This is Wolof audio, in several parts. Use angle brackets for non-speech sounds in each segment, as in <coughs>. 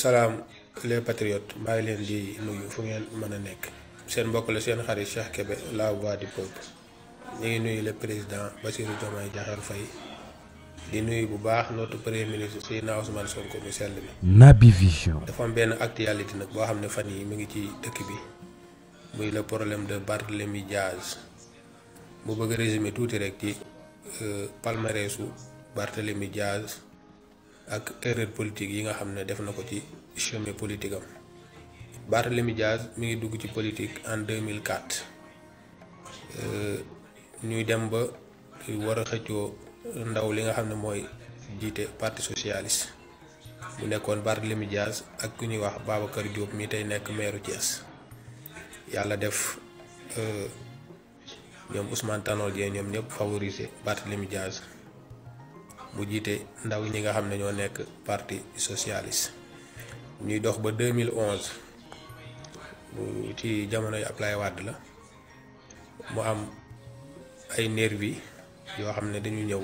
salaam les patriotes maa ngi di nuyu fu ngeen mën a nekk sen xarit Cheikh Kebe la voix du peuple ñu ngi nuyu le président Bassirou Diomaye Diakhar Faye di nuyu bu baax notre premier ministre Seydina Ousmane Sonko mu sell bi. Nabi Vision. dafa am ben actualité nak bo xam ne fan yi mi ngi ci dëkk bi muy le problème de Barthélémy Diaz Bu bëgg a résumer tuuti rek ci euh palmarèsu Barthélémy Diaz. ak erreur politique yi nga xam ne def na ko ci chemin politique am Barthélemy Diaz mi ngi dugg ci politique en 2004 euh, ñuy dem ba war a xëccoo ndaw li nga xam ne mooy jiite parti socialiste mu nekkoon Barthélemy Diaz ak ku ñuy wax Babacar Diop mi tey nekk maire Thiès yàlla def euh, ñoom Ousmane Tanor Dieng ñoom ñëpp favoriser Barthélemy Diaz mu jiite ndaw ñi nga xam ne ñoo nekk parti socialiste ñuy dox ba 2011 ci jamonoy Ablaye Wade la mu am ay nervi yoo xam ne dañu ñëw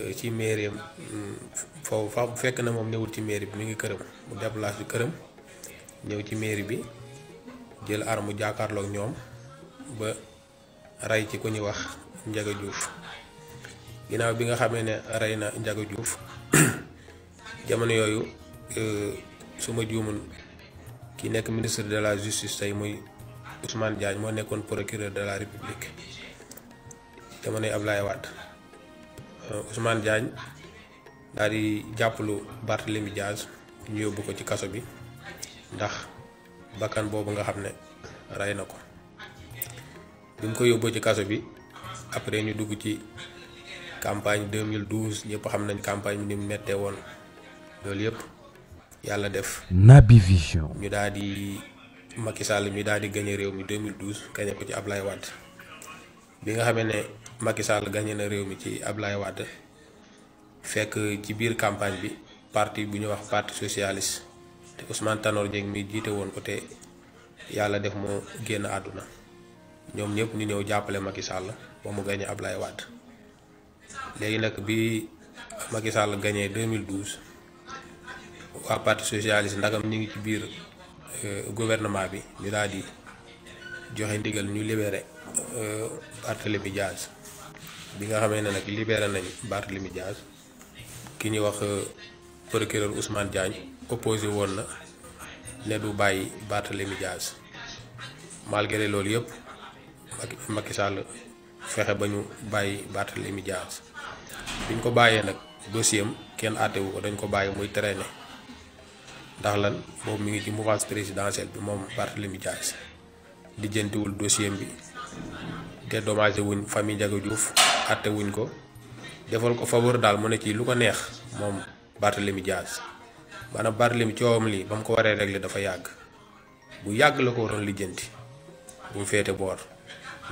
euh, ci mairie mm, foofu fa fekk na moom newul ci mairie bi mu ngi këram mu déplacé këram ñëw ci mairie bi jël arme jàkkaarloog ñoom ba rey ci ku ñuy wax Ndiaga Diouf ginaaw bi nga xamé ne rey na njaga juuf <clears throat> jamono euh suma djoumun ki nek ministre de la justice Usman moy Ousmane Diagne mo nekkon procureur de la république jamono Ablaye Wade eh, Ousmane Diagne dari di Barthélemy Diaz ñu yobbu ko ci kasso bi ndax bakan bobu nga xamné ne rey na ko bi ko ci kasso bi après ñu dugg ci campagne 2012 ñëpp xam nañ campagne bi ni mu méttee woon loolu yëpp yàlla def. Naby Vision. ñu daal di Macky Sall mi daal di gagné réew mi 2012 gagné ko ci Ablaye Wade bi nga xamee ne Macky Sall gagné na réew mi ci Ablaye Wade fekk ci biir campagne bi partie bu ñuy wax parti socialiste te Ousmane Tanor Dieng mi jiite woon ko te yàlla def moo génn àdduna ñoom ñëpp ñu ñëw jàppale Macky Sall ba mu gagné Ablaye Wade. léegi nag bi Macky Sall gagné 2012 waa parti socialiste ndagam ñu ngi ci biir euh, gouvernement bi ñu daal di joxe ndigal ñu libéré euh, Barthélemy Diaz bi nga xamee ne nag libéré nañ Barthélemy Diaz ki ñuy wax euh, procureur Ousmane Diagne opposé woon na ne du bàyyi Barthélemy Diaz malgré loolu yëpp Macky Sall fexe ba ñu bàyyi Barthélémy Dias biñ ko bàyyee nag dossier am kenn àttewu ko dañ ko bàyyi muy traîner ndax lan boobu mu ngi ci mouvance présidentielle bi moom Barthélémy Dias lijjantiwul dossier bi te dédommagé wuñ famille Ndiaga juuf àtte wuñ ko defal ko faveur daal mu ne ci lu ko neex moom Barthélémy Dias maanaam Barthélémy coowam lii ba mu ko waree régler dafa yàgg bu yàgg la ko waroon lijjanti bu mu féete boor.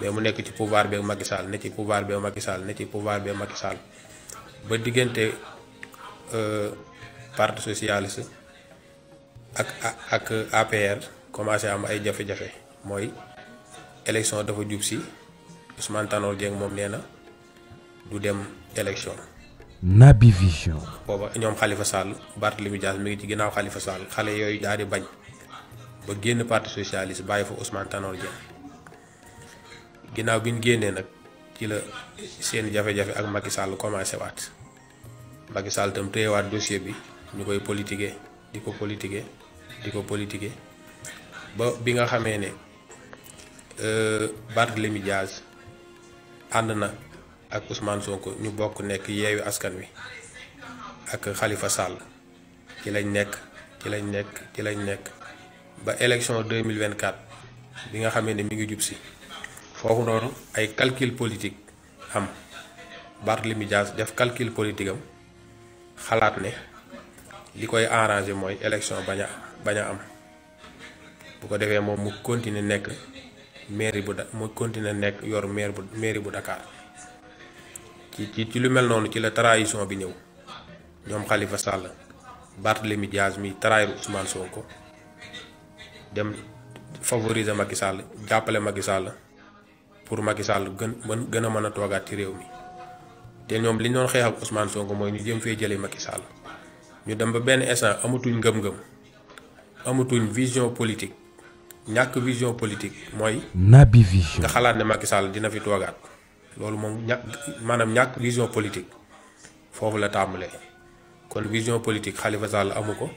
mais mu nekk ci pouvoir beeg Macky Sall ne ci pouvoir beeg Macky Sall ne ci pouvoir beeg Macky Sall ba diggante euh, part socialiste ak ak APR commencé am ay jafe-jafe mooy élection dafa jub si Ousmane Tanor moom nee na du dem élection. Naby Vision. booba ñoom Khalifa Sall Barthélémy Dias mi ngi ci ginnaaw Khalifa Sall xale yooyu daal di bañ ba génn parti socialiste bàyyi fa Ousmane Tanor Dieng. ginnaaw bi ñu génnee nag ci la seen jafe-jafe ak Macky Sall commencé waat Macky Sall itam téyewaat dossier bi ñu koy politiquer di ko politiquer di ko politiquer ba bi nga xamee ne euh, Barthélemy Diaz ànd na ak Ousmane Sonko ñu bokk nekk yeewi askan wi ak xalifa Sall ci lañ nekk ci lañ nekk ci lañ nekk ba mille vingt 2024 bi nga xamee ne mi ngi jub si. foofu noonu ay calcul politique am Barthélemy Dias def calcul politique xalaat ne li koy arrangé mooy élection baña a bañ a am bu ko defee moom mu continuer nekk mairie bu da mu continuer nekk yor maire bu maire bu Dakar ci ci ci lu mel noonu ci la trahison bi ñëw ñoom Khalifa Sall Barthélemy Dias mi trahir soo ko dem favoriser Macky Sall jàppale Macky Sall pour Macky Sall gën mën gën a ci réew mi té ñom li ñoon doon ak Ousmane Sonko moy ñu jëm fee jëlé Macky Sall ñu dem ba ben instant amutuñ ngëm-ngëm amutuñ vision politique ñak vision politique moy nabi Vision nga xalaat né Macky Sall dina fi togaat loolu ñak manam ñak vision politique fofu la tambalé kon vision politique Khalifa Sall amuko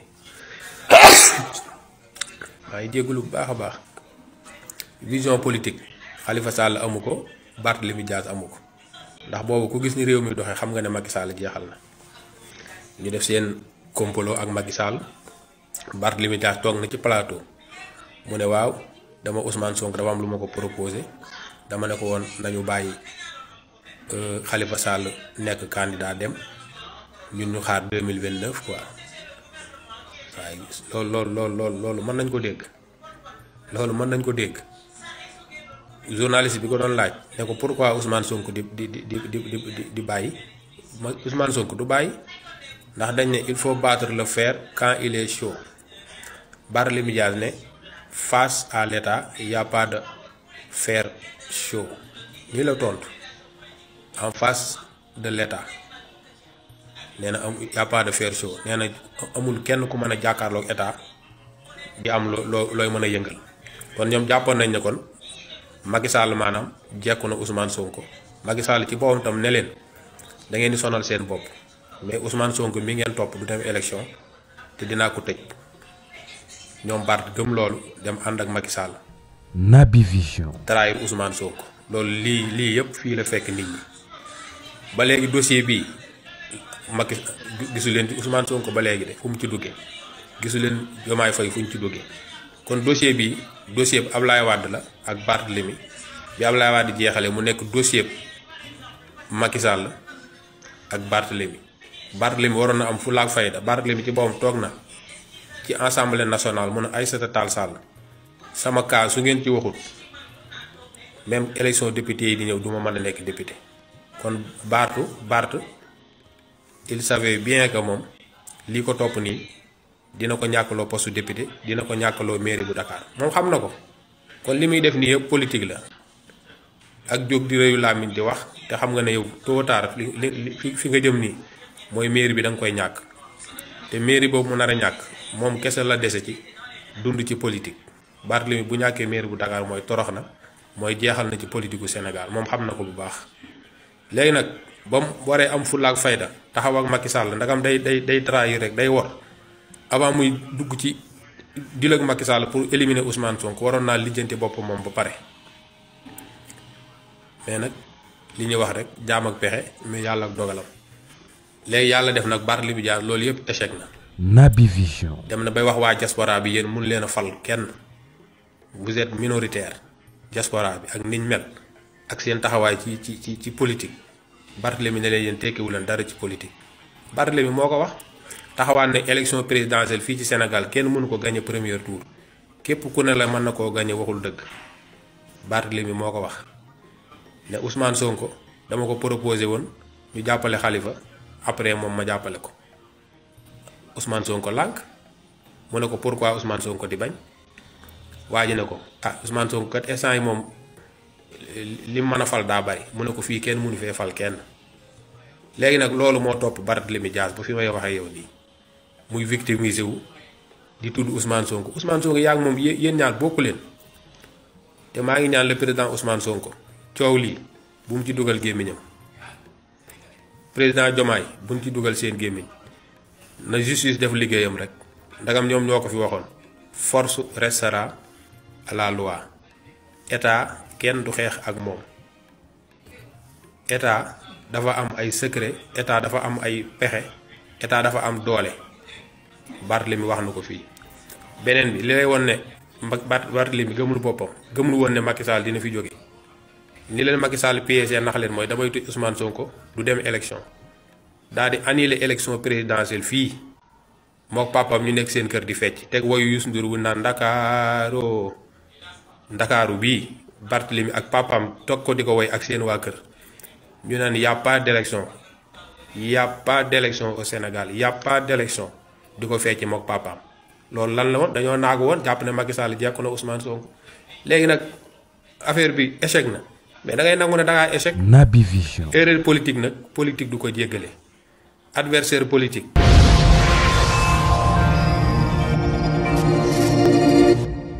ay <coughs> maa bu baaxa baax vision politique. Khalifa Sall amu ko Barthélemy Dias amu ko ndax boobu ku gis ni réew mi doxee xam nga ne Macky Sall jeexal na ñu def seen complot ak Macky Sall Barthélemy Dias toog na ci plateau mu ne waaw dama Ousmane sonk dafa am lu ma ko proposé dama ne ko woon nañu bàyyi euh, Khalifa Sall nekk candidat dem ñun ñu xaar 2029 quoi waaye loolu loolu loolu loolu loolu mën nañ ko dégg loolu mën nañ ko dégg journaliste bi ko doon laaj ne ko pourquoi Ousmane Sonko di di di di di di bàyyi ma Ousmane Sonko du bàyyi ndax dañ ne il faut battre le fer quand il est chaud Barthélémy Dias ne face à l'État il y a pas de fer chaud lii la tontu en face de l'État nee na am il y a pas de fer chaud nee na amul kenn ku mën a jàkkaarloog État di am loo looy mën a yëngal kon ñoom jàppoon nañ ne kon. Macky Sall maanaam jekku na Ousmane Sonko Macky Sall ci boppam tam ne leen da ngeen di sonal seen bopp mais Ousmane Sonko mi ngeen topp du dem élection te dinaa ko tëj ñoom Bart gëm loolu dem ànd ak Macky Sall. Naby Vision. trahir Ousmane Sonko loolu lii lii yëpp fii la fekk nit ñi ba léegi dossier bii makis gisu leen ci Ousmane Sonko ba léegi de fu mu ci duggee gisu leen Diomaye Faye fu ñu ci duggee. kon dossier bi dossier bu Ablaye Wade la ak Barthélemy bi Ablaye Wade jeexale mu nekk dossier bu Macky Sall ak Barthélemy Barthélemy waroon na am fu laak fayda Barthélemy ci boppam toog na ci assemblée nationale mun a ay Aïssata Tall Sall sama kaa su ngeen ci waxut même élection député yi di ñëw du ma mën a nekk député kon Barth Barth il savait bien que moom lii ko topp nii dina ko ñàkkaloo poste député dina ko ñàkkaloo mairie bu Dakar moom xam na ko kon li muy def nii yëpp politique la ak jóg di réyu làmmiñ di wax te xam nga ne yow tôt ou fi nga jëm nii mooy mairie bi da nga koy ñàkk te mairie boobu mu nar a ñàkk moom kese la dese ci dund ci politique Barthélemy bu ñàkkee mairie bu dakaar mooy torox na mooy jeexal na ci politique gu Sénégal moom xam na ko bu baax léegi nag ba mu waree am fulla ak fayda taxaw ak maki Sall ndagam day day day trahir rek day wor avant muy dugg ci di ak Macky pour éliminer Ousmane Sonko waroon naa lijjanti bopp moom ba pare mais nag li ñuy wax rek jaam ak pexe mais yàlla ak dogalam léegi yàlla def nag Barthélémy Dias loolu yëpp échec na. Naby Vision. dem na bay wax waa diaspora bi yéen mun leen a fal kenn vous êtes minoritaire diaspora bi ak niñ mel ak seen taxawaay ci ci ci ci politique Barthélémy ne leen yéen tekkiwu leen dara ci politique Barthélémy moo ko wax. taxawaat ne élection présidentielle fii ci Sénégal kenn mënu ko gagné premier tour képp ku ne la mën na koo gagné waxul dëgg Barthélemy moo ko wax ne Ousmane Sonko dama ko proposé woon ñu jàppale xalifa après moom ma jàppale ko Ousmane Sonko lànk mu ne ko pourquoi son ko di bañ waaji ne ko ah Ousmane Sonko kat instant yi moom li mu mën a fal daa bari mu ne ko fii kenn mënu fee fal kenn léegi nag loolu moo topp Barthélemy Dias bu fi may waxee yow nii. muy victimisé wu di tudd Ousmane Sonko Ousmane Sonko yaa ngi moom yéen ñaar bokku leen te maa ngi ñaan le président Ousmane Sonko coow lii bu mu ci dugal gémmiñam président Diomaye bu mu ci dugal seen gémmiñ na justice def liggéeyam rek ndagam ñoom ñoo ko fi waxoon force restera la loi état kenn du xeex ak moom état dafa am ay secret état dafa am ay pexe état dafa am doole mi wax na ko fii beneen bi li lay woon ne mi gëmul boppam gëmul woon ne Macky dina fi jóge ni leen Macky Sall piégé nax leen mooy damay tuy Ousmane Sonko du dem élection daal di annuler élection présidentielle fii mook papam ñu nekk seen kër di fecc teg woyu Youssou wu naan ndakaaro ndakaaru bii mi ak papam toog ko di ko woy ak seen waa kër ñu naan y a pas d'élection y d'élection au Sénégal y a pas d'élection di ko fecc mook papaam loolu lan la woon dañoo naagu woon jàpp ne Macky Sall jekku na Ousmane Sonko léegi nag affaire bi échec na mais da ngay nangu ne da ngaa échec. Naby Vision. erreur politique nag politique du ko jéggale adversaire politique.